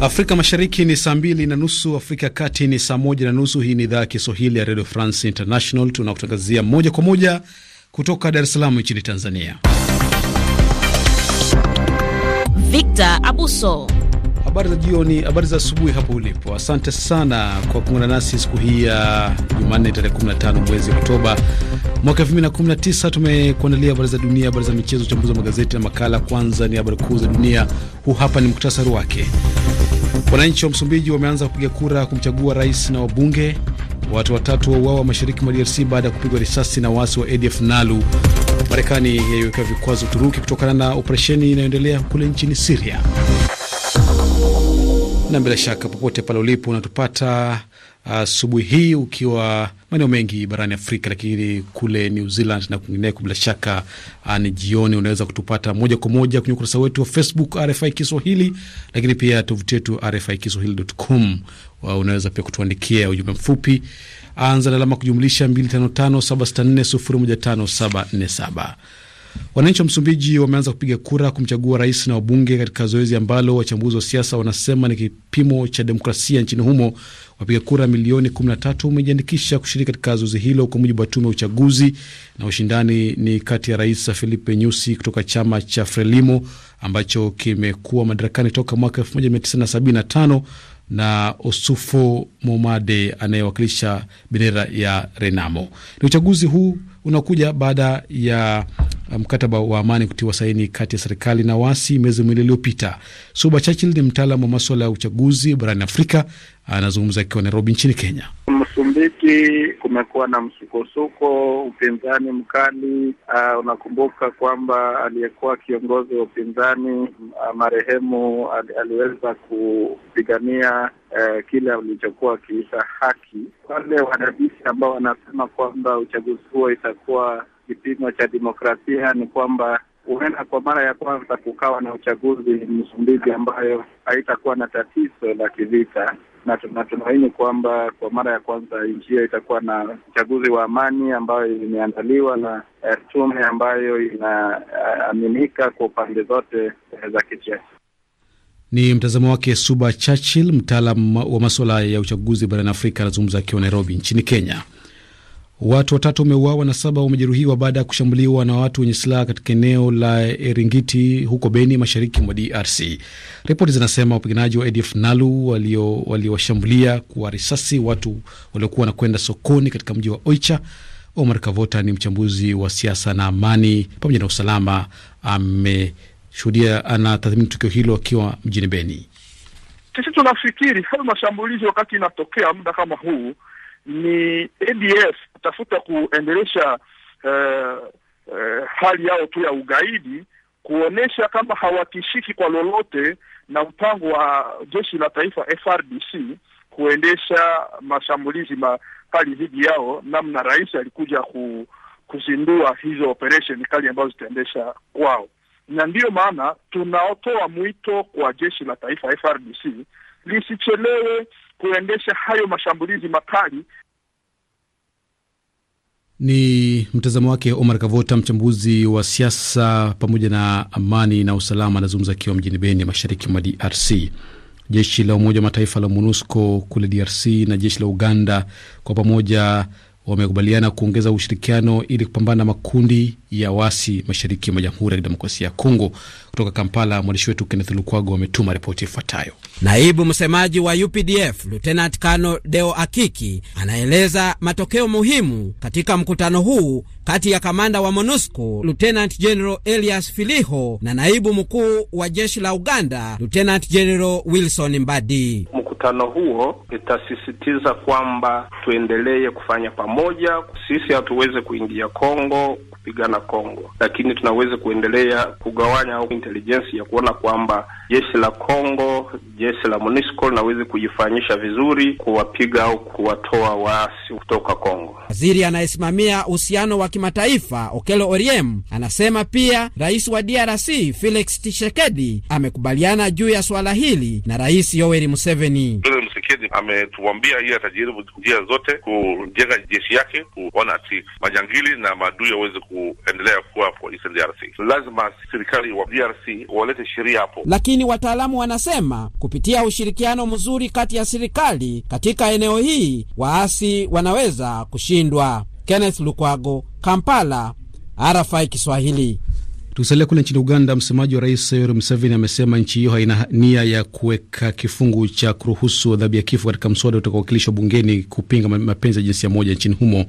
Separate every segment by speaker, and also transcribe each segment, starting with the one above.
Speaker 1: Afrika Mashariki ni saa mbili na nusu, Afrika ya Kati ni saa moja na nusu. Hii ni idhaa ya Kiswahili ya Radio France International, tunakutangazia moja kwa moja kutoka Dar es Salaam nchini Tanzania.
Speaker 2: Victor Abuso
Speaker 1: Habari za jioni, habari za asubuhi hapo ulipo. Asante sana kwa kuungana nasi siku hii ya Jumanne, tarehe 15 mwezi Oktoba mwaka 2019. Tumekuandalia habari za dunia, habari za michezo, uchambuzi wa magazeti na makala. Kwanza ni habari kuu za dunia, huu hapa ni muktasari wake. Wananchi wa Msumbiji wameanza kupiga kura kumchagua rais na wabunge. Watu watatu wauawa mashariki mwa DRC baada ya kupigwa risasi na waasi wa ADF NALU. Marekani yaiwekea vikwazo Uturuki kutokana na operesheni inayoendelea kule nchini Siria na bila shaka popote pale ulipo unatupata uh, asubuhi uh, hii ukiwa maeneo mengi barani Afrika, lakini kule New Zealand na kwingineko bila shaka uh, ni jioni. Unaweza kutupata moja kwa moja kwenye ukurasa wetu wa Facebook RFI Kiswahili, lakini pia tovuti yetu RFI Kiswahili.com. Uh, unaweza pia kutuandikia ujumbe mfupi, anza na alama kujumlisha 255 764 Wananchi wa Msumbiji wameanza kupiga kura kumchagua rais na wabunge katika zoezi ambalo wachambuzi wa siasa wanasema ni kipimo cha demokrasia nchini humo. Wapiga kura milioni 13 wamejiandikisha kushiriki katika zoezi hilo kwa mujibu wa tume ya uchaguzi, na ushindani ni kati ya Rais Filipe Nyusi kutoka chama cha Frelimo ambacho kimekuwa madarakani toka mwaka 1975 na Osufo Momade anayewakilisha bendera ya Renamo. Ni uchaguzi huu unakuja baada ya um, mkataba wa amani kutiwa saini kati ya serikali na wasi miezi miwili iliyopita. Suba Churchill ni mtaalamu wa maswala ya uchaguzi barani Afrika, anazungumza akiwa Nairobi nchini Kenya.
Speaker 3: Msumbiji kumekuwa na msukosuko, upinzani mkali. Uh, unakumbuka kwamba aliyekuwa kiongozi wa upinzani uh, marehemu ali, aliweza kupigania uh, kile alichokuwa akiita haki. Wale wadadisi ambao wanasema kwamba uchaguzi huo itakuwa kipimo cha demokrasia ni kwamba huenda kwa mara ya kwanza kukawa na uchaguzi Msumbiji ambayo haitakuwa na tatizo la kivita na tunatumaini kwamba kwa mara ya kwanza nchi hiyo itakuwa na uchaguzi wa amani ambayo imeandaliwa na eh, tume ambayo inaaminika kwa pande zote eh, za kisiasa.
Speaker 1: Ni mtazamo wake Suba Churchill, mtaalam wa masuala ya uchaguzi barani Afrika, anazungumza akiwa Nairobi nchini Kenya. Watu watatu wameuawa na saba wamejeruhiwa baada ya kushambuliwa na watu wenye silaha katika eneo la Eringiti huko Beni, mashariki mwa DRC. Ripoti zinasema wapiganaji wa ADF NALU waliowashambulia wali kwa risasi watu waliokuwa wanakwenda sokoni katika mji wa Oicha. Omar Kavota ni mchambuzi wa siasa na amani pamoja na usalama, ameshuhudia, anatathmini tukio hilo akiwa mjini Beni.
Speaker 3: Sisi tunafikiri hayo mashambulizi wakati inatokea muda kama huu ni ADF kutafuta kuendelesha uh, uh, hali yao tu ya ugaidi, kuonesha kama hawatishiki kwa lolote na mpango wa jeshi la taifa FRDC kuendesha mashambulizi makali dhidi yao, namna rais alikuja ku, kuzindua hizo operation kali ambazo zitaendesha kwao, na ndiyo maana tunaotoa mwito kwa jeshi la taifa FRDC lisichelewe kuendesha hayo mashambulizi makali.
Speaker 1: Ni mtazamo wake Omar Kavota, mchambuzi wa siasa pamoja na amani na usalama, anazungumza akiwa mjini Beni, mashariki mwa DRC. Jeshi la Umoja wa Mataifa la MONUSCO kule DRC na jeshi la Uganda kwa pamoja wamekubaliana kuongeza ushirikiano ili kupambana na makundi ya wasi mashariki mwa Jamhuri ya Kidemokrasia ya Kongo. Kutoka Kampala, mwandishi wetu Kenneth Lukwago ametuma ripoti ifuatayo. Naibu msemaji wa UPDF Lieutenant Kano Deo
Speaker 4: Akiki anaeleza matokeo muhimu katika mkutano huu kati ya kamanda wa MONUSCO Lieutenant General Elias Filiho na naibu mkuu wa jeshi la Uganda Lieutenant General Wilson Mbadi
Speaker 5: mkutano huo itasisitiza kwamba tuendelee kufanya pamoja. Sisi hatuweze kuingia Kongo kupigana Kongo, lakini tunaweza kuendelea kugawanya au intelijensi ya kuona kwamba jeshi la Kongo, jeshi la MONUSCO linaweza kujifanyisha vizuri kuwapiga au
Speaker 3: kuwatoa waasi kutoka Kongo.
Speaker 4: Waziri anayesimamia uhusiano wa kimataifa Okelo Oriem anasema pia rais wa DRC Felix Tshisekedi amekubaliana juu ya swala hili na Rais Yoweri Museveni. Mm.
Speaker 3: jamii. Msekeni ametuambia yeye atajaribu njia zote kujenga jeshi yake kuona ati majangili na maadui aweze kuendelea kuwa hapo Eastern DRC. Lazima serikali wa DRC walete sheria hapo, lakini
Speaker 4: wataalamu wanasema kupitia ushirikiano mzuri kati ya serikali katika eneo hii waasi wanaweza kushindwa. Kenneth Lukwago, Kampala,
Speaker 1: RFI Kiswahili. Tukisalia kule nchini Uganda, msemaji wa rais Yoweri Museveni amesema nchi hiyo haina nia ya kuweka kifungu cha kuruhusu adhabu ya kifo katika mswada utakaowakilishwa bungeni kupinga mapenzi ya jinsia moja nchini humo.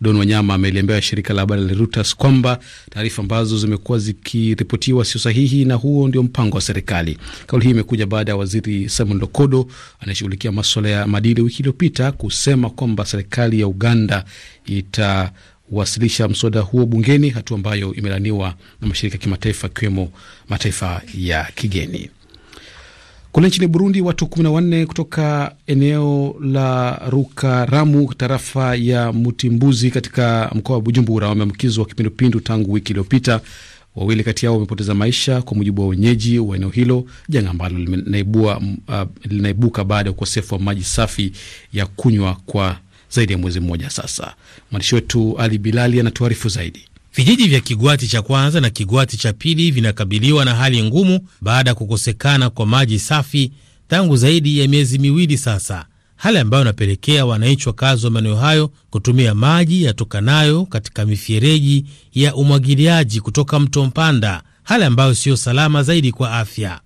Speaker 1: Don Wanyama ameliambia shirika la habari la Reuters kwamba taarifa ambazo zimekuwa zikiripotiwa sio sahihi na huo ndio mpango wa serikali. Kauli hii imekuja baada ya waziri Simon Lokodo anayeshughulikia maswala ya madili wiki iliyopita kusema kwamba serikali ya Uganda ita kuwasilisha mswada huo bungeni, hatua ambayo imelaniwa na mashirika ya kimataifa ikiwemo mataifa ya kigeni. Kule nchini Burundi, watu 14 kutoka eneo la Rukaramu, tarafa ya Mutimbuzi, katika mkoa wa Bujumbura wameambukizwa kipindupindu tangu wiki iliyopita. Wawili kati yao wamepoteza maisha, kwa mujibu wa wenyeji wa eneo hilo, janga ambalo uh, linaibuka uh, baada ya ukosefu wa maji safi ya kunywa kwa zaidi ya mwezi mmoja sasa. Mwandishi wetu Ali Bilali anatuarifu zaidi. Vijiji
Speaker 6: vya Kigwati cha kwanza na Kigwati cha pili vinakabiliwa na hali ngumu baada ya kukosekana kwa maji safi tangu zaidi ya miezi miwili sasa, hali ambayo inapelekea wananchi wakazi wa maeneo hayo kutumia maji yatokanayo katika mifereji ya umwagiliaji kutoka mto Mpanda, hali ambayo siyo salama zaidi kwa afya.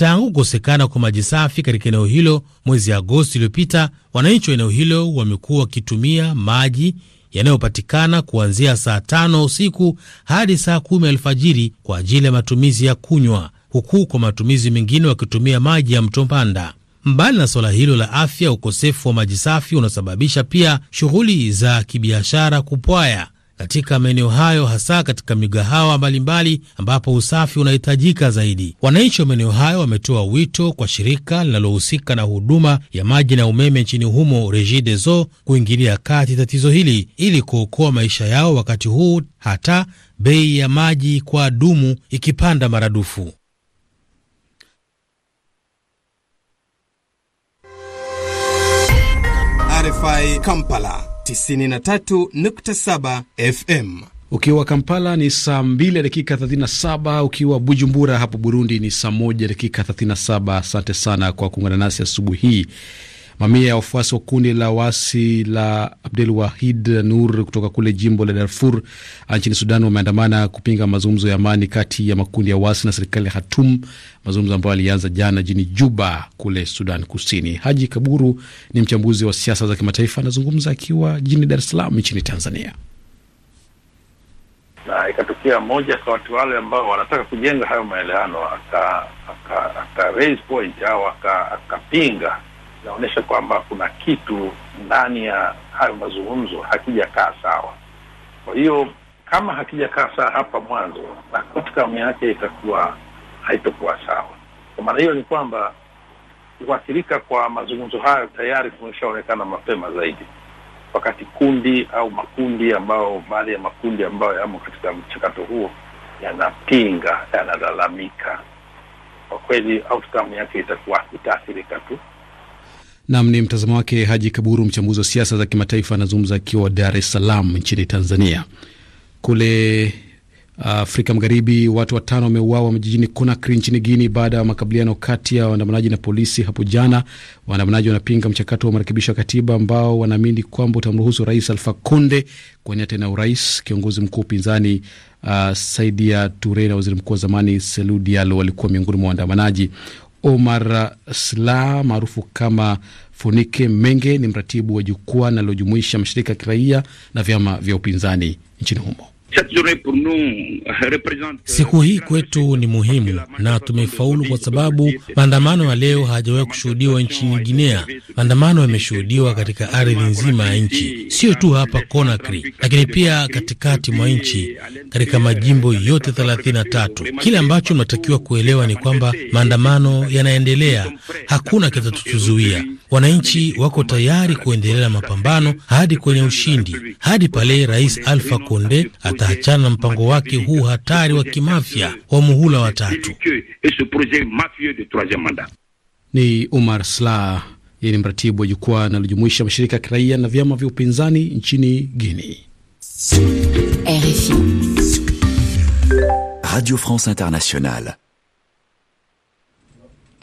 Speaker 6: Tangu kukosekana kwa maji safi katika eneo hilo mwezi Agosti iliyopita, wananchi wa eneo hilo wamekuwa wakitumia maji yanayopatikana kuanzia saa tano usiku hadi saa kumi alfajiri kwa ajili ya matumizi ya kunywa, huku kwa matumizi mengine wakitumia maji ya mto Mpanda. Mbali na suala hilo la afya, ukosefu wa maji safi unasababisha pia shughuli za kibiashara kupwaya katika maeneo hayo, hasa katika migahawa mbalimbali ambapo usafi unahitajika zaidi. Wananchi wa maeneo hayo wametoa wito kwa shirika linalohusika na huduma ya maji na umeme nchini humo REGIDESO kuingilia kati tatizo hili ili kuokoa maisha yao wakati huu hata bei ya maji kwa dumu ikipanda maradufu.
Speaker 1: RFI Kampala 93.7 FM. Ukiwa Kampala ni saa 2 dakika 37, ukiwa Bujumbura hapo Burundi ni saa 1 dakika 37. Asante sana kwa kuungana nasi asubuhi hii. Mamia ya wafuasi wa kundi la waasi la abdul Wahid Nur kutoka kule jimbo la Darfur ah, nchini Sudan wameandamana kupinga mazungumzo ya amani kati ya makundi ya waasi na serikali ya Hatum, mazungumzo ambayo yalianza jana jini Juba kule Sudan Kusini. Haji Kaburu ni mchambuzi wa siasa za kimataifa, anazungumza akiwa jini Dar es Salaam nchini Tanzania.
Speaker 3: Na ikatokea mmoja kwa watu wale ambao wanataka kujenga hayo maelewano akaau point au akapinga inaonyesha kwamba kuna kitu ndani ya hayo mazungumzo hakijakaa sawa. Kwa hiyo kama hakijakaa sawa hapa mwanzo, na outcome yake itakuwa haitokuwa sawa. Kwa maana hiyo ni kwamba kuathirika kwa mazungumzo hayo tayari kumeshaonekana mapema zaidi, wakati kundi au makundi ambao baadhi ya makundi ambayo yamo katika mchakato huo yanapinga, yanalalamika, kwa kweli outcome yake itakuwa itaathirika
Speaker 1: tu. Nam ni mtazamo wake Haji Kaburu, mchambuzi wa siasa za kimataifa, anazungumza akiwa Dar es Salaam nchini Tanzania. Kule uh, Afrika Magharibi, watu watano wameuawa jijini Conakry nchini Guini baada ya makabiliano kati ya waandamanaji na polisi hapo jana. Waandamanaji wanapinga mchakato wa marekebisho ya katiba ambao wanaamini kwamba utamruhusu Rais Alfa Konde kuwania tena urais. Kiongozi mkuu upinzani uh, Saidia Ture na waziri mkuu wa zamani Selu Dialo walikuwa miongoni mwa waandamanaji. Omar Sla maarufu kama Fonike Menge ni mratibu wa jukwaa linalojumuisha mashirika ya kiraia na vyama vya upinzani nchini humo. Siku hii kwetu
Speaker 6: ni muhimu na tumefaulu kwa sababu maandamano ya leo hayajawahi kushuhudiwa nchini Guinea. Maandamano yameshuhudiwa katika ardhi nzima ya nchi, sio tu hapa Conakry, lakini pia katikati mwa nchi, katika majimbo yote 33. Kile ambacho unatakiwa kuelewa ni kwamba maandamano yanaendelea, hakuna kitatuzuia. Wananchi wako tayari kuendelea na mapambano hadi kwenye ushindi, hadi pale Rais Alpha Konde ataachana na mpango wake huu hatari wa kimafya wa muhula wa tatu.
Speaker 1: Ni Umar Sla, yeye ni mratibu wa jukwaa linalojumuisha mashirika ya kiraia na vyama vya upinzani nchini guini
Speaker 3: Radio France Internationale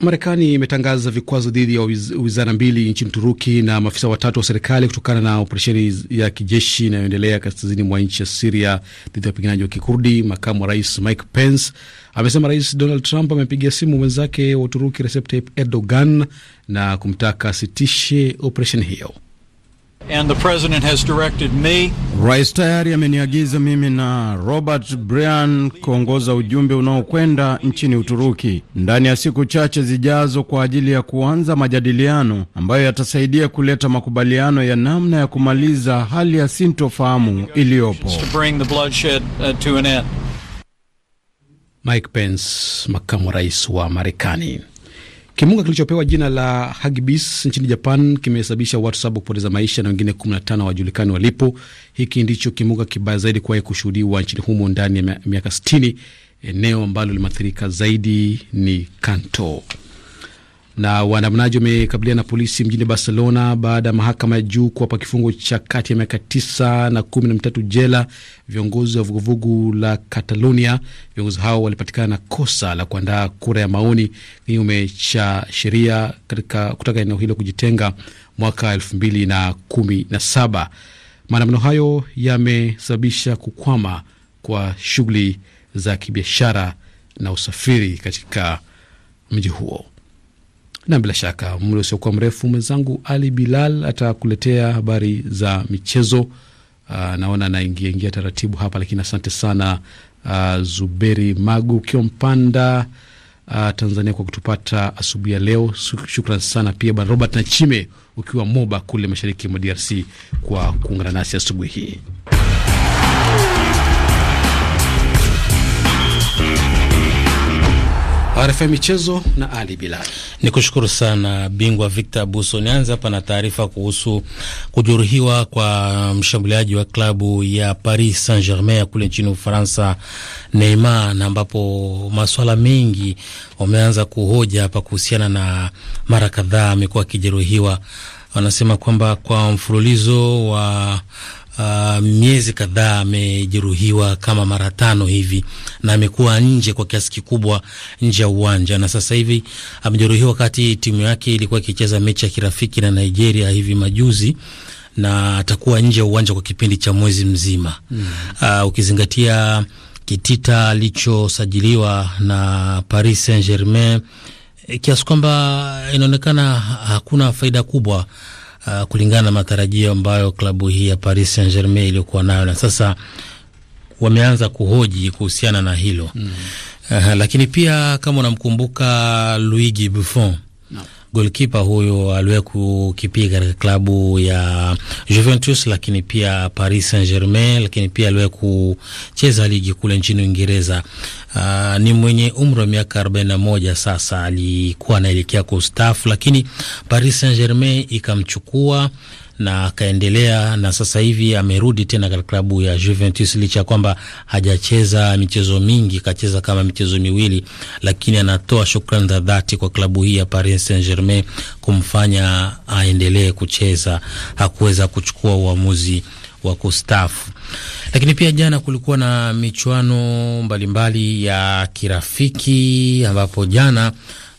Speaker 1: Marekani imetangaza vikwazo dhidi ya wizara mbili nchini Uturuki na maafisa watatu wa serikali kutokana na operesheni ya kijeshi inayoendelea kaskazini mwa nchi ya Siria dhidi ya wapiganaji wa Kikurdi. Makamu wa rais Mike Pence amesema Rais Donald Trump amepigia simu mwenzake wa Uturuki Recep Tayyip Erdogan na kumtaka asitishe operesheni hiyo. And the president has directed me. Rais tayari ameniagiza mimi na Robert Brian kuongoza ujumbe unaokwenda nchini Uturuki ndani ya siku chache zijazo kwa ajili ya kuanza majadiliano ambayo yatasaidia kuleta makubaliano ya namna ya kumaliza hali ya sintofahamu iliyopo. Uh, Mike Pence, makamu rais wa Marekani. Kimbunga kilichopewa jina la Hagibis nchini Japan kimesababisha watu saba kupoteza maisha na wengine 15 hawajulikani walipo. Hiki ndicho kimbunga kibaya zaidi kuwahi kushuhudiwa nchini humo ndani ya miaka 60. Eneo ambalo limeathirika zaidi ni Kanto. Na waandamanaji wamekabiliana na polisi mjini Barcelona baada ya mahakama ya juu kuwapa kifungo cha kati ya miaka tisa na kumi na mitatu jela viongozi wa vuguvugu la Catalonia. Viongozi hao walipatikana na kosa la kuandaa kura ya maoni kinyume cha sheria katika kutaka eneo hilo kujitenga mwaka elfu mbili na kumi na saba. Maandamano hayo yamesababisha kukwama kwa shughuli za kibiashara na usafiri katika mji huo. Na bila shaka muda usiokuwa mrefu, mwenzangu Ali Bilal atakuletea habari za michezo. Uh, naona anaingia ingia taratibu hapa, lakini asante sana uh, Zuberi Magu ukiwa Mpanda uh, Tanzania kwa kutupata asubuhi ya leo. Shukran sana pia Bwana Robert Nachime ukiwa Moba kule mashariki mwa DRC kwa kuungana nasi asubuhi hii. RFI Michezo na Ali
Speaker 6: Bilal. Ni kushukuru sana bingwa Victor Buso. Nianze hapa na taarifa kuhusu kujeruhiwa kwa mshambuliaji wa klabu ya Paris Saint-Germain ya kule nchini Ufaransa, Neymar, na ambapo maswala mengi wameanza kuhoja hapa kuhusiana na mara kadhaa amekuwa akijeruhiwa wanasema kwamba kwa mfululizo wa uh, miezi kadhaa amejeruhiwa kama mara tano hivi, na amekuwa nje kwa kiasi kikubwa nje ya uwanja, na sasa hivi amejeruhiwa wakati timu yake ilikuwa ikicheza mechi ya kirafiki na Nigeria hivi majuzi na atakuwa nje ya uwanja kwa kipindi cha mwezi mzima mm. Uh, ukizingatia kitita alichosajiliwa na Paris Saint Germain eh, kiasi kwamba inaonekana hakuna faida kubwa uh, kulingana na matarajio ambayo klabu hii ya Paris Saint Germain iliyokuwa nayo, na sasa wameanza kuhoji kuhusiana na hilo mm. uh, lakini pia kama unamkumbuka Luigi Buffon golkipa huyo aliwahi kukipiga katika klabu ya Juventus, lakini pia Paris Saint Germain, lakini pia aliwahi kucheza ligi kule nchini Uingereza. Uh, ni mwenye umri wa miaka 41 sasa, alikuwa anaelekea kustaafu, lakini Paris Saint Germain ikamchukua na akaendelea, na sasa hivi amerudi tena katika klabu ya Juventus, licha ya kwamba hajacheza michezo mingi, kacheza kama michezo miwili, lakini anatoa shukrani za dhati kwa klabu hii ya Paris Saint-Germain kumfanya aendelee kucheza. Hakuweza kuchukua uamuzi wa kustafu. Lakini pia jana kulikuwa na michuano mbalimbali ya kirafiki ambapo jana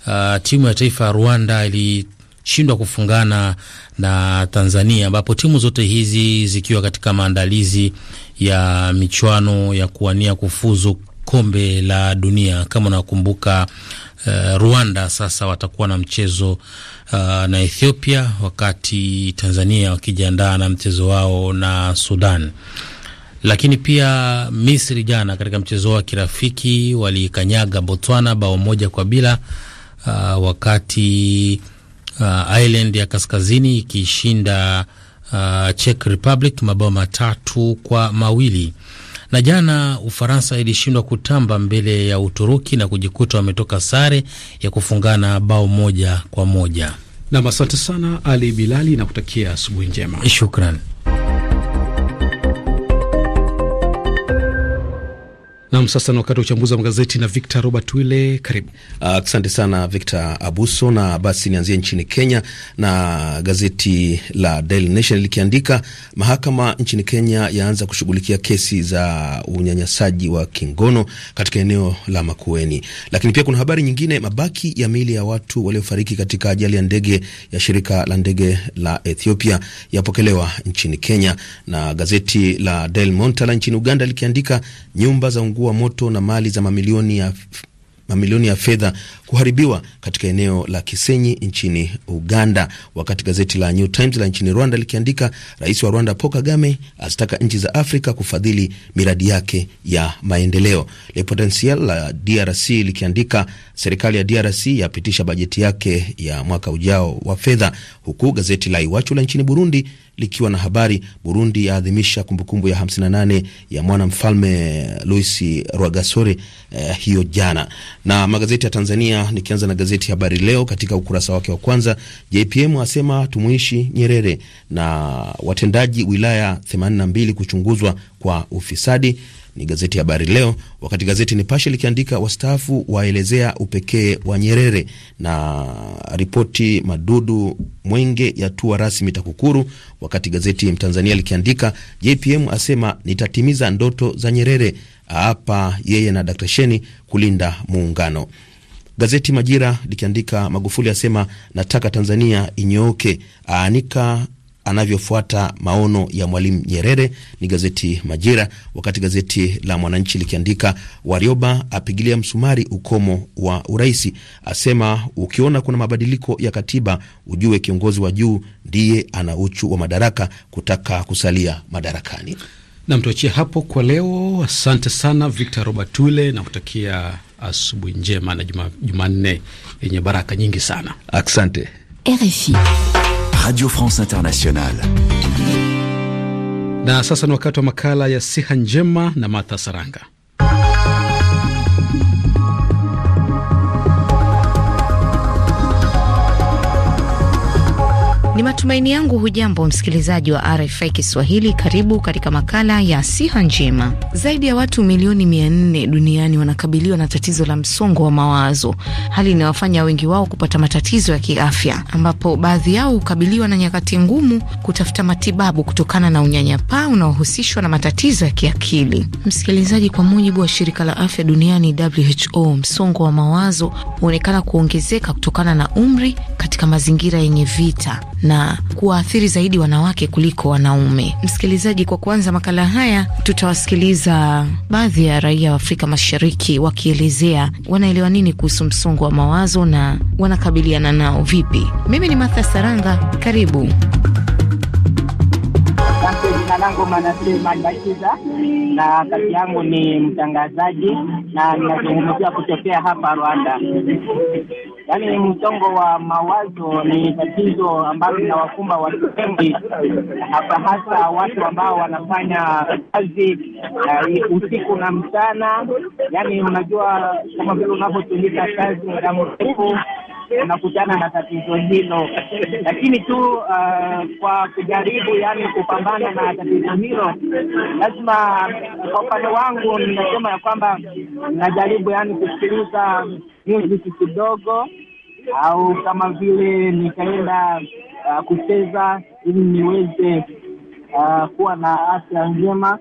Speaker 6: uh, timu ya taifa ya Rwanda ili kushindwa kufungana na Tanzania, ambapo timu zote hizi zikiwa katika maandalizi ya michuano ya kuwania kufuzu kombe la dunia. Kama unakumbuka, uh, Rwanda sasa watakuwa na mchezo uh, na Ethiopia, wakati Tanzania wakijiandaa na mchezo wao na Sudan. Lakini pia Misri jana katika mchezo wa kirafiki walikanyaga Botswana bao moja kwa bila, uh, wakati uh, Ireland ya kaskazini ikishinda uh, Czech Republic mabao matatu kwa mawili na jana Ufaransa ilishindwa kutamba mbele ya Uturuki na kujikuta wametoka sare ya kufungana
Speaker 1: bao moja kwa moja. Nam, asante sana Ali Bilali na kutakia asubuhi njema, shukran. Nam, sasa ni wakati wa uchambuzi wa magazeti na Victor Robert Wile, karibu. Asante uh, sana Victor
Speaker 4: Abuso, na basi nianzie nchini Kenya na gazeti la Daily Nation likiandika mahakama nchini Kenya yaanza kushughulikia kesi za unyanyasaji wa kingono katika eneo la Makueni. Lakini pia kuna habari nyingine, mabaki ya miili ya watu waliofariki katika ajali ya ndege ya shirika la ndege la Ethiopia yapokelewa nchini Kenya, na gazeti la Daily Monitor nchini Uganda likiandika nyumba za wa moto na mali za mamilioni ya, mamilioni ya fedha kuharibiwa katika eneo la Kisenyi nchini Uganda, wakati gazeti la New Times la nchini Rwanda likiandika rais wa Rwanda Paul Kagame azitaka nchi za Afrika kufadhili miradi yake ya maendeleo. Le Potentiel la DRC likiandika serikali ya DRC yapitisha bajeti yake ya mwaka ujao wa fedha, huku gazeti la Iwachu la nchini Burundi likiwa na habari Burundi yaadhimisha kumbukumbu ya 58 ya mwanamfalme Louis Rwagasore eh, hiyo jana, na magazeti ya Tanzania Tanzania, nikianza na gazeti Habari Leo. Katika ukurasa wake wa kwanza, JPM asema tumuishi Nyerere na watendaji wilaya 82 kuchunguzwa kwa ufisadi ni gazeti Habari Leo. Wakati gazeti Nipashe likiandika wastaafu waelezea upekee wa Nyerere na ripoti madudu Mwenge yatua rasmi TAKUKURU. Wakati gazeti Mtanzania likiandika JPM asema nitatimiza ndoto za Nyerere, aapa yeye na Dr Sheni kulinda muungano. Gazeti Majira likiandika Magufuli asema nataka Tanzania inyooke, aanika anavyofuata maono ya Mwalimu Nyerere. Ni gazeti Majira, wakati gazeti la Mwananchi likiandika Warioba apigilia msumari ukomo wa uraisi, asema ukiona kuna mabadiliko ya katiba ujue kiongozi wa juu ndiye ana uchu wa madaraka kutaka kusalia madarakani.
Speaker 1: Namtuachia hapo kwa leo. Asante sana Victor Robert Wile, nakutakia asubuhi njema na Jumanne juma yenye baraka nyingi sana. Asante RFI, Radio France
Speaker 4: Internationale.
Speaker 1: Na sasa ni wakati wa makala ya siha njema na Martha Saranga.
Speaker 2: Ni matumaini yangu hujambo msikilizaji wa RFI Kiswahili. Karibu katika makala ya siha njema. Zaidi ya watu milioni mia nne duniani wanakabiliwa na tatizo la msongo wa mawazo, hali inayofanya wengi wao kupata matatizo ya kiafya, ambapo baadhi yao hukabiliwa na nyakati ngumu kutafuta matibabu kutokana na unyanyapaa unaohusishwa na matatizo ya kiakili. Msikilizaji, kwa mujibu wa shirika la afya duniani WHO, msongo wa mawazo huonekana kuongezeka kutokana na umri katika mazingira yenye vita na kuwaathiri zaidi wanawake kuliko wanaume. Msikilizaji, kwa kuanza makala haya, tutawasikiliza baadhi ya raia wa Afrika Mashariki wakielezea wanaelewa nini kuhusu msongo wa mawazo na wanakabiliana nao vipi. Mimi ni Martha Saranga, karibu.
Speaker 7: Jina langu na kazi yangu ni mtangazaji na ninazungumzia kutokea hapa Rwanda yani msongo wa mawazo ni tatizo ambalo linawakumba watu wengi, hasa
Speaker 3: hasa watu ambao wanafanya kazi uh, usiku na mchana.
Speaker 6: Yaani unajua kama vile unavyotumika kazi muda mrefu unakutana na tatizo hilo, lakini tu uh, kwa
Speaker 4: kujaribu yani kupambana na tatizo hilo,
Speaker 7: lazima kwa upande wangu ninasema ya
Speaker 6: kwamba najaribu yani kusikiliza muziki kidogo au kama vile nikaenda uh, kucheza ili niweze uh, kuwa na afya njema,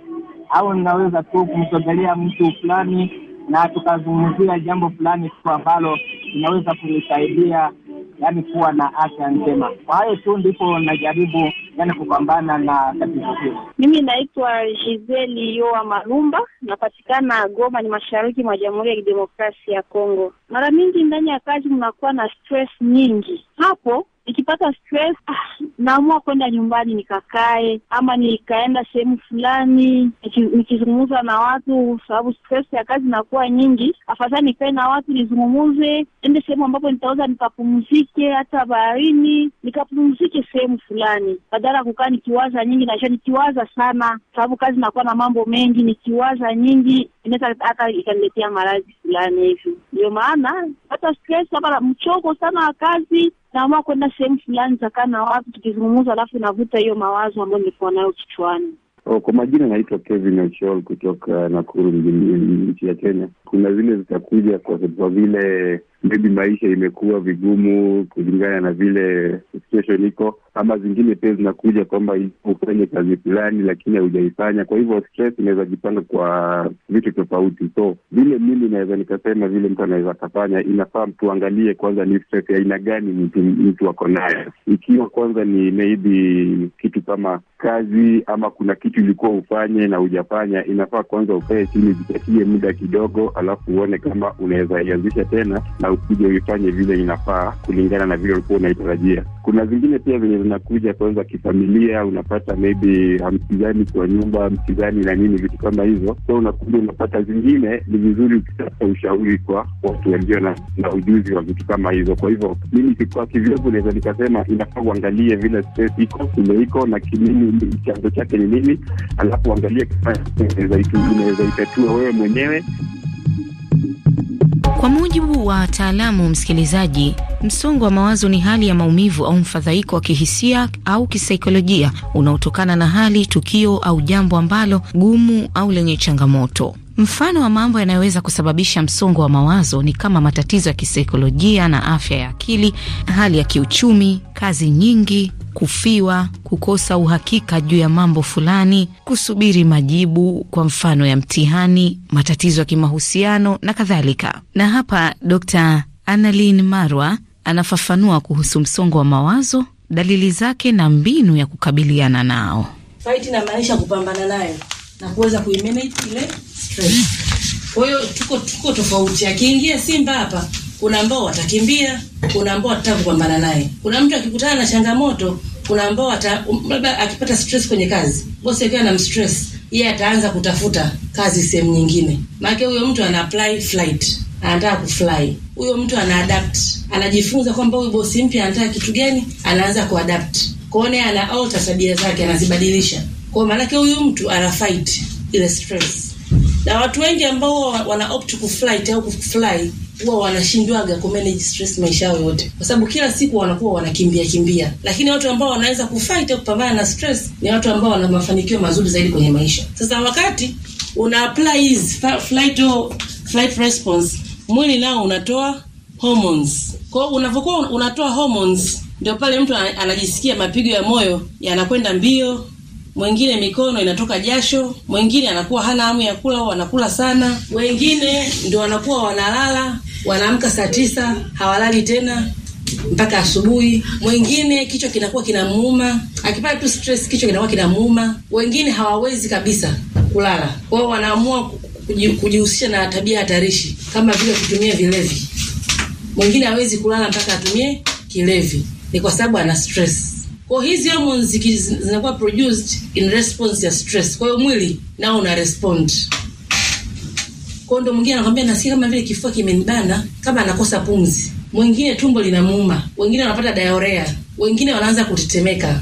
Speaker 6: au ninaweza tu kumsogelea mtu
Speaker 4: fulani na tukazungumzia jambo fulani tu ambalo inaweza kunisaidia
Speaker 6: yani kuwa na afya njema. Kwa hayo tu ndipo najaribu yani kupambana
Speaker 3: na tatizo hilo.
Speaker 7: Mimi naitwa Giseli Yoa Malumba, napatikana Goma, ni mashariki mwa Jamhuri ya Kidemokrasia ya Kongo. Mara mingi ndani ya kazi mnakuwa na stress nyingi hapo nikipata stress ah, naamua kwenda nyumbani nikakae, ama nikaenda sehemu fulani nikizungumza na watu, sababu stress ya kazi inakuwa nyingi. Afadhali nikae na watu nizungumuze, ende sehemu ambapo nitaweza nikapumzike, hata baharini nikapumzike sehemu fulani, badala ya kukaa nikiwaza nyingi. Naisha nikiwaza sana, sababu kazi inakuwa na mambo mengi, nikiwaza nyingi inaweza hata ikaniletea maradhi fulani hivyo. Ndio maana hata stress hapa mchoko sana wa kazi, naamua kwenda sehemu fulani zakaa na watu tukizungumza, alafu inavuta hiyo mawazo ambayo nilikuwa nayo kichwani.
Speaker 3: Oh, kwa majina naitwa Kevin Ochol kutoka Nakuru mjini nchi ya Kenya. Kuna vile zitakuja kwa, sababu vile maybe maisha imekuwa vigumu kulingana na vile situation iko, ama zingine pia zinakuja kwamba ufanye kazi fulani lakini haujaifanya, kwa hivyo stress inaweza jipanga kwa vitu tofauti. So vile mimi naweza nikasema vile mtu anaweza akafanya, inafaa tuangalie kwanza ni stress ya aina gani mtu mtu ako nayo, ikiwa kwanza ni maybe kitu kama kazi ama kuna kitu kitu ilikuwa ufanye na hujafanya, inafaa kwanza upee chini, jipatie muda kidogo, alafu uone kama unaweza ianzisha tena na ukuja uifanye vile inafaa, kulingana na vile ulikuwa unaitarajia. Kuna zingine pia zenye zinakuja kwanza kifamilia, unapata maybe hamsikizani kwa nyumba, hamsikizani na nini, vitu kama hizo So unakuja unapata zingine, ni vizuri ukitaka ushauri kwa watu walio na, na ujuzi wa vitu kama hizo. Kwa hivyo mimi kwa kivyangu naweza nikasema inafaa uangalie vile stress iko vile iko na kinini chanzo chake ni nini, alafu angalie kama itatua wewe mwenyewe.
Speaker 2: Kwa mujibu wa wataalamu, msikilizaji, msongo wa mawazo ni hali ya maumivu au mfadhaiko wa kihisia au kisaikolojia unaotokana na hali, tukio au jambo ambalo gumu au lenye changamoto. Mfano wa mambo yanayoweza kusababisha msongo wa mawazo ni kama matatizo ya kisaikolojia na afya ya akili, hali ya kiuchumi, kazi nyingi, kufiwa, kukosa uhakika juu ya mambo fulani, kusubiri majibu, kwa mfano ya mtihani, matatizo ya kimahusiano na kadhalika. Na hapa Dr. Annalyn Marwa anafafanua kuhusu msongo wa mawazo, dalili zake na mbinu ya kukabiliana nao.
Speaker 7: Fight inamaanisha kupambana nayo na kuweza kuimanage ile stress. Kwa hiyo tuko tuko tofauti. Akiingia Simba hapa kuna ambao watakimbia, kuna ambao watataka kupambana naye. Kuna mtu akikutana na changamoto, kuna ambao labda akipata stress kwenye kazi, bosi akiwa na mstress, yeye ataanza kutafuta kazi sehemu nyingine, maana huyo mtu ana apply flight, anataka kufly. Huyo mtu ana adapt, anajifunza kwamba huyu bosi mpya anataka kitu gani, anaanza kuadapt. Kwa hiyo ana alter tabia zake, anazibadilisha. Kwa maana yake huyu mtu ana fight ile stress, na watu wengi ambao wana opt kuflight au kufly huwa wanashindwaga ku manage stress maisha yao yote, kwa sababu kila siku wanakuwa wanakimbia kimbia. Lakini watu ambao wanaweza kufight au kupambana na stress ni watu ambao wana mafanikio mazuri zaidi kwenye maisha. Sasa wakati una apply hizi flight or flight response, mwili nao unatoa hormones. Kwa hiyo unapokuwa unatoa hormones, ndio pale mtu anajisikia mapigo ya moyo yanakwenda mbio, mwingine mikono inatoka jasho, mwingine anakuwa hana hamu ya kula au anakula sana, wengine ndio wanakuwa wanalala wanaamka saa tisa hawalali tena mpaka asubuhi. Mwingine kichwa kinakuwa kinamuuma, akipata tu stress kichwa kinakuwa kinamuuma. Wengine hawawezi kabisa kulala, kwao, wanaamua kujihusisha na tabia hatarishi kama vile kutumia vilevi. Mwingine hawezi kulala mpaka atumie kilevi, ni kwa sababu ana stress. Kwa hizi hormones zinakuwa produced in response ya stress, kwa hiyo mwili nao una respond. Kwa ndo mwingine anakwambia nasikia kama vile kifua kimenibana, kama anakosa pumzi, mwingine tumbo linamuuma, wengine wanapata diarrhea, wengine wanaanza kutetemeka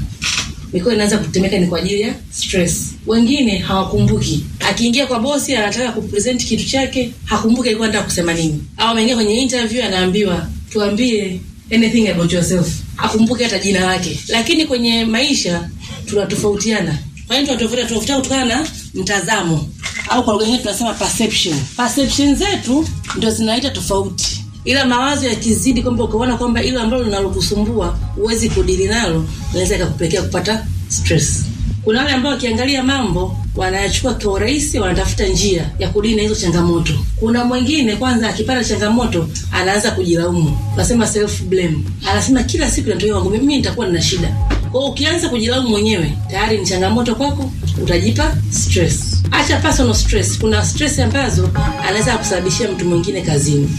Speaker 7: mikoa inaanza kutetemeka, ni kwa ajili ya stress. Wengine hawakumbuki, akiingia kwa bosi anataka kupresent kitu chake, hakumbuki alikuwa anataka kusema nini, au ameingia kwenye interview anaambiwa tuambie anything about yourself, hakumbuki hata jina lake. Lakini kwenye maisha tunatofautiana, kwa hiyo tunatofautiana kutokana na mtazamo au kwa lugha tunasema perception. Perception zetu ndio zinaita tofauti, ila mawazo yakizidi, kwamba ukiona kwamba ilo ambalo linalokusumbua huwezi kudili nalo, inaweza ikakupelekea kupata stress. Kuna wale ambao wakiangalia mambo wanayachukua kwa urahisi, wanatafuta njia ya kudili hizo changamoto. Kuna mwingine kwanza akipata changamoto anaanza kujilaumu, nasema self blame, anasema kila siku natoa wangu mimi, nitakuwa nina shida kwa ukianza kujilau mwenyewe tayari ni changamoto kwako, utajipa stress. Acha personal stress, kuna stress ambazo anaweza kusababishia mtu mwingine kazini.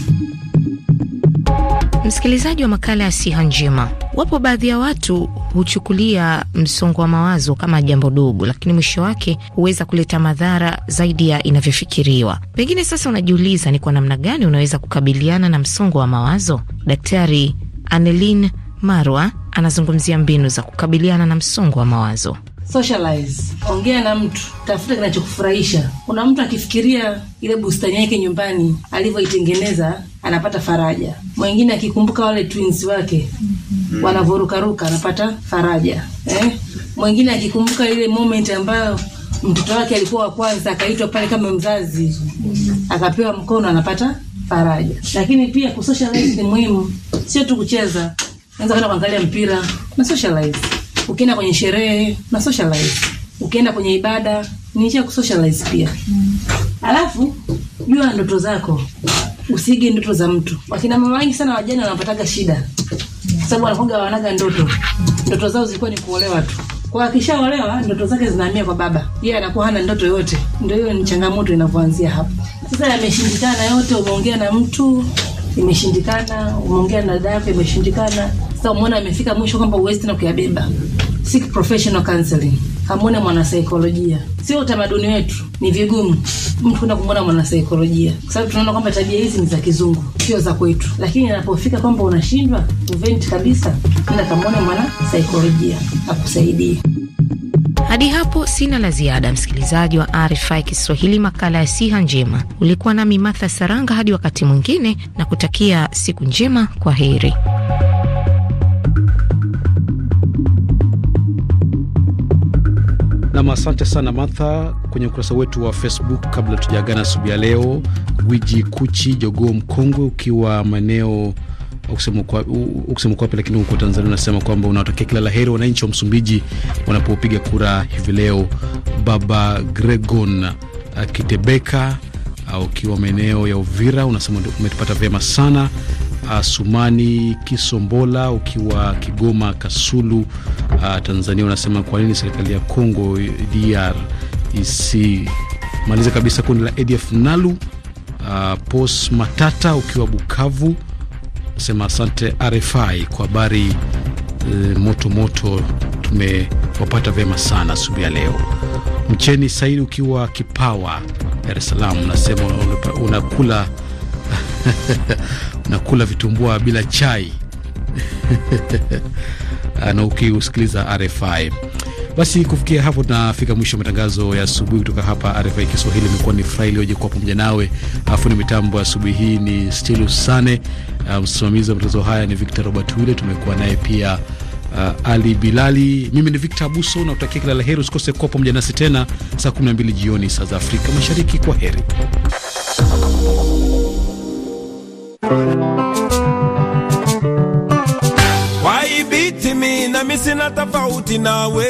Speaker 2: Msikilizaji wa makala ya siha njema, wapo baadhi ya watu huchukulia msongo wa mawazo kama jambo dogo, lakini mwisho wake huweza kuleta madhara zaidi ya inavyofikiriwa. Pengine sasa unajiuliza ni kwa namna gani unaweza kukabiliana na msongo wa mawazo. Daktari Aneline Marwa anazungumzia mbinu za kukabiliana na msongo wa mawazo.
Speaker 7: Socialize, ongea na mtu, tafuta kinachokufurahisha. Kuna mtu akifikiria ile bustani yake nyumbani alivyoitengeneza anapata faraja. Mwingine akikumbuka wale twins wake mm-hmm. wanavorukaruka anapata faraja eh? Mwingine akikumbuka ile moment ambayo mtoto wake alikuwa wa kwanza akaitwa pale kama mzazi mm-hmm. akapewa mkono anapata faraja. Lakini pia kusocialize ni muhimu, sio tu kucheza. Unaweza kwenda kuangalia mpira, na socialize. Ukienda kwenye sherehe, na socialize. Ukienda kwenye ibada, ni njia kusocialize pia. Mm. Alafu jua ndoto zako. Usige ndoto za mtu. Wakina mama wengi sana wajana wanapataga shida. Kwa sababu wanakuwa wanaga ndoto. Ndoto zao zilikuwa ni kuolewa tu. Kwa akishaolewa ndoto zake zinahamia kwa baba. Yeye yeah, anakuwa hana ndoto yote. Ndio hiyo ni changamoto inavyoanzia hapo. Sasa yameshindikana yote, umeongea na mtu imeshindikana, umeongea na dada yako imeshindikana, sasa umeona imefika mwisho kwamba uwezi tena kuyabeba. Seek professional counseling. Kamwone mwanasaikolojia. Sio utamaduni wetu, ni vigumu mtu kwenda kumwona mwanasaikolojia, kwa sababu tunaona kwamba tabia hizi ni za kizungu, sio za kwetu. Lakini inapofika kwamba unashindwa uvent kabisa, nenda kamwone mwanasaikolojia akusaidie.
Speaker 2: Hadi hapo sina la ziada, msikilizaji wa RFI Kiswahili. Makala ya siha njema, ulikuwa nami matha Saranga. Hadi wakati mwingine, na kutakia siku njema. Kwa heri.
Speaker 1: Nam, asante sana Martha. Kwenye ukurasa wetu wa Facebook, kabla tujaagana asubuhi ya leo, gwiji kuchi jogoo mkongwe, ukiwa maeneo ukusema kwapi lakini huko Tanzania unasema kwamba unawatakia kila la heri wananchi wa Msumbiji wanapopiga kura hivi leo. Baba Gregon Kitebeka ukiwa maeneo ya Uvira unasema umetupata vyema sana. Uh, Sumani Kisombola ukiwa Kigoma Kasulu, uh, Tanzania unasema kwa nini serikali ya Kongo DR isimalize e kabisa kundi la ADF Nalu. Uh, Pos Matata ukiwa Bukavu unasema asante RFI kwa habari uh, moto moto, tumewapata vyema sana asubuhi ya leo. Mcheni Saidi ukiwa Kipawa Dar es Salaam, unasema unakula unakula vitumbua bila chai ah, na ukiusikiliza RFI. Basi kufikia hapo tunafika mwisho wa matangazo ya asubuhi kutoka hapa RFI Kiswahili. Imekuwa ni furaha iliyokuwa pamoja nawe. Afu ni mitambo asubuhi hii ni Stelius Sane, ah, msimamizi um, wa matangazo haya ni Victor Robert Wile, tumekuwa naye pia uh, Ali Bilali. Mimi ni Victor Abuso na utakia kila la heri, usikose kuwa pamoja nasi tena saa 12 jioni saa za Afrika Mashariki. Kwa heri.
Speaker 5: Waibiti mina mimi sina tofauti nawe,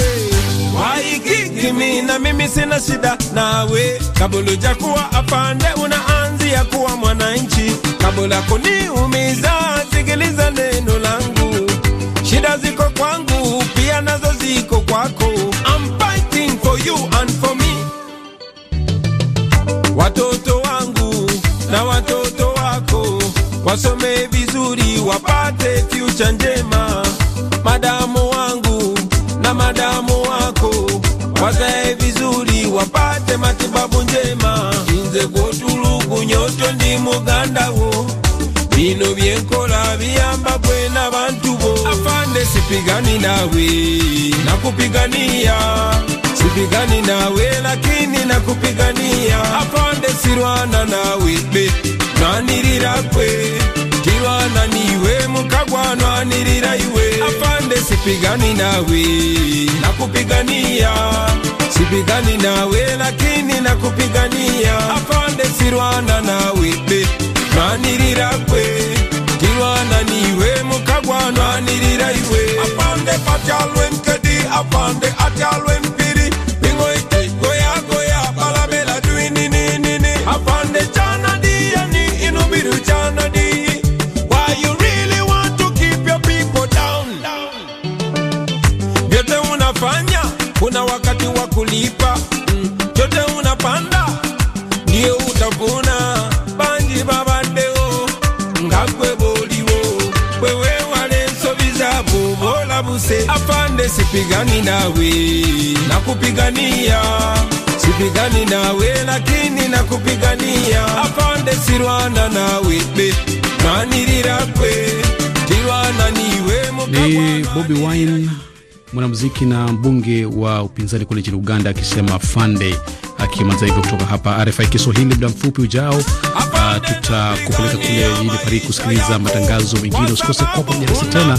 Speaker 5: waikiki mimi sina shida nawe. unaanzia kuwa mwananchi. kuniumiza, sikiliza neno langu shida ziko kwangu pia nazo ziko kwako. I'm fighting for you and for me, watoto wangu na watoto wako wasome vizuri, wapate future njema, madamu wangu na madamu wako wazae vizuri, wapate matibabu njema inze gotulugu nyoto ndi mugandawo bino byenkola biyamba bwena afande, sipigani nawe, nakupigania sipigani nawe, lakini nakupigania afande, sirwana nawe be nanirira kwe kiwana niwe mukagwa nwanirira iwe afande, sipigani nawe, nakupigania sipigani nawe, lakini nakupigania afande, sirwana nawe be nanirira kwe kiwana niwe I found nirirayiwe Afande pati alwe I found ati alwe mkedi use afande, sipigani nawe, nakupigania sipigani nawe, lakini nakupigania afande, sirwana nawe be manirira kwe tirwana niwe
Speaker 1: ni Bobby Wine mwanamuziki na mbunge wa upinzani kule nchini Uganda akisema afande, akimaliza hivyo kutoka hapa RFI Kiswahili. Muda mfupi ujao ah, tutakupeleka kule jijini Paris kusikiliza matangazo mengine. Usikose kwa pamoja nasi tena